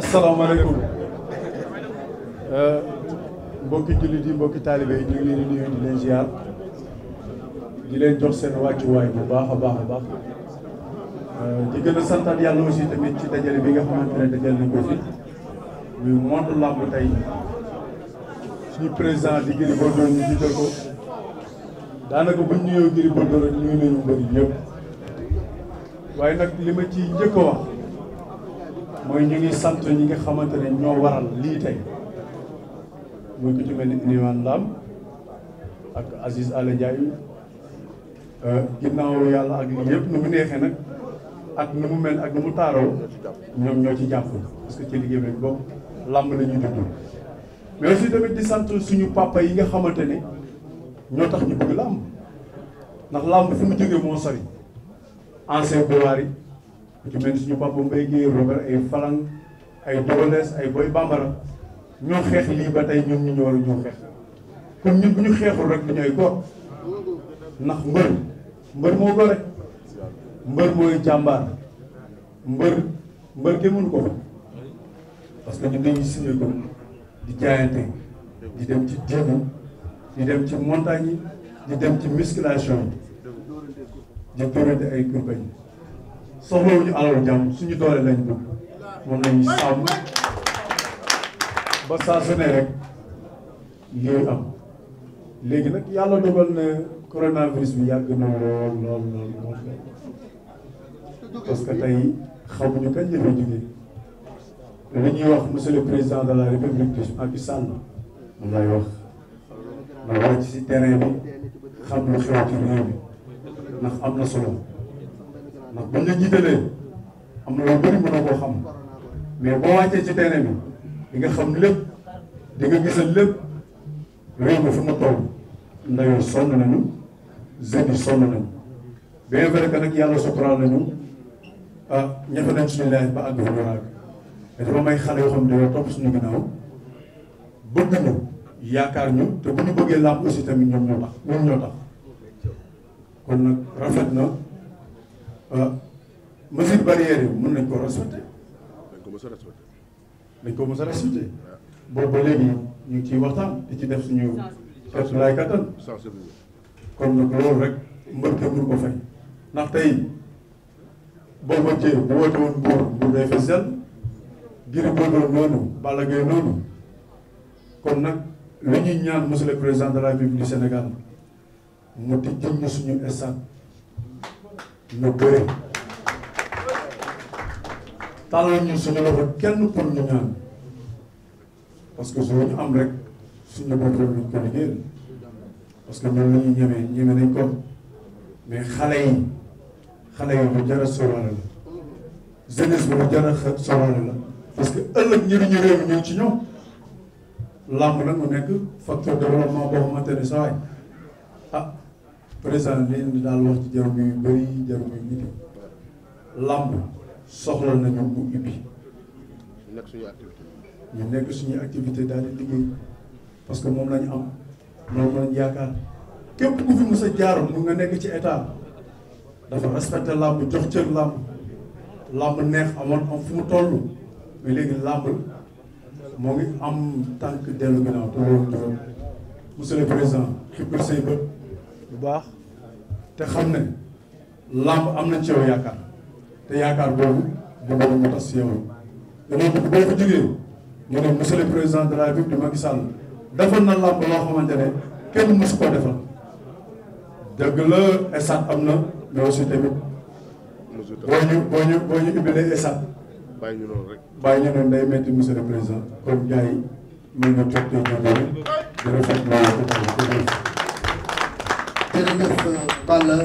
asalaamaaleykum euh, mbokki jullit yi mbokki taalibe yi ñu ngi leen di nuyu di leen ziar di leen jox seen wàccuwaay bu baax a baax a baax euh, di gën a santaat yàlla aussi tamit ci dajale bi nga xamante ne dajale nañ ko fi muy monde làmb tey suñu président di Gris Bordeaux ñu jiital ko daanaka buñ nuyoo Gris Bordeaux rek nuyu nañu mbëri yëpp waaye nag li ma ci njëkk wax mooy ñu ngi sant ñi nga xamante ne ñoo waral lii tey mu ku ci mel ni Iliman Lam ak Aziz Ala Ndiaye euh, ginnaaw yàlla ak lii yëpp nu mu neexee nag ak nu mu mel ak nu mu taaroo ñoom ñoo ci jàpp parce que ci liggéey lañ bokk làmb lañuy ñuy dugg mais aussi tamit di sant suñu papa yi nga xamante ne ñoo tax ñu bëgg làmb ndax làmb fi mu jógee moo sori ancien gloire ku ci mel suñu papa Mbaye Guèye Robert ay Falang ay Dorones ay Boy Bambara ñoo xeex lii ba tey ñoom ñu ñu xeex kon ñun bu ñu xeexul rek du ñooy góor ndax mbër mbër moo gore mbër mooy jàmbar mbër mbër kenn mënu ko parce que ñun dañuy signé ko di jaayante di dem ci diibu di dem ci montagne yi di dem ci musculation yi di dóorante ay campagne soxlawuñu alalu jàmm suñu doole lañ moom lañu sàmm ba saa su rek lii am léegi nag yàlla dogal na coronavirus bi yàgg na lool lool lool lool parce que tey xamuñu kañ la fay wax monsieur le président de la république de Macky Sall moom lay wax na wàcc ci terrain bi xam lu xew ci bi ndax am na solo ndax bañ la jiitalee am na loo bëri mënoo koo xam mais boo wàccee ci terrain bi di nga xam lépp di nga gisal lépp réew mi fu mu toll ndeyoo sonn nañu jeunes yi sonn nañu bien vrai nañu ah ñafe nañ suñu ba àgg fa ñu àgg te dafa may xale yoo xam ne dañoo topp suñu ginnaaw bëgg ñu yaakaar ñu te bu ñu bëggee làmb aussi tamit ñoom ñoo tax ñoom ñoo tax kon nag rafet na. Euh, mesure barrière yi mën nañ koo respecté. dañ ko mos a respecté. ko mos a respecté. boobu ba léegi ñu ngi ciy waxtaan li ci def suñu. képp laay kattan. kon nag loolu rek mbër te mënu ko fay ndax tey boo bëccee bu woote woon mbuur mbuur day fees sel Gris Bordeaux noonu Balla noonu kon nag li ñuy ñaan monsieur le président de la République du Sénégal mu tijjal ñu suñu stade. ñu bëri tàllal ñu suñu loxo kenn pour ñu ñaan parce que suñu am rek suñu bopp ñu ko liggéeyal parce que ñun la ñu ñemee ñeme nañ ko mais xale yi xale yi lu jar a sóoraale la jeunesse bi lu jar a la parce que ëllëg njëriñu réew mi ñu ci ñoom làmb nag nekk facteur développement boo xamante ne saa ah. président leen daal wax ci jarum yu bëri jarum yu nit làmb soxla nañu mu ubbi ñu nekk suñu activité daal di liggéey parce que moom lañu am moom lañu yaakaar képp ku fi mës a mu nga nekk ci état dafa respecté làmb jox cër làmb làmb neex amoon am fu mu toll mais léegi làmb moo ngi am tànk dellu ginnaaw te loolu président xippil say bët bu baax te xam ne làmb am nañ ci yow yaakaar te yaakaar boobu boobu mu tas yow danoo bëgg ne monsieur le président de la République Macky Sall na làmb loo xamante ne kenn mësu koo defal dëgg la esat am na mais aussi tamit boo ñu boo ñu boo ñu ubbilee bàyyi ñu noonu rek bàyyi ñu noonu day metti monsieur le président kon gars yi mën nga jot tey ñoo doon jërëjëf jërëjëf Balla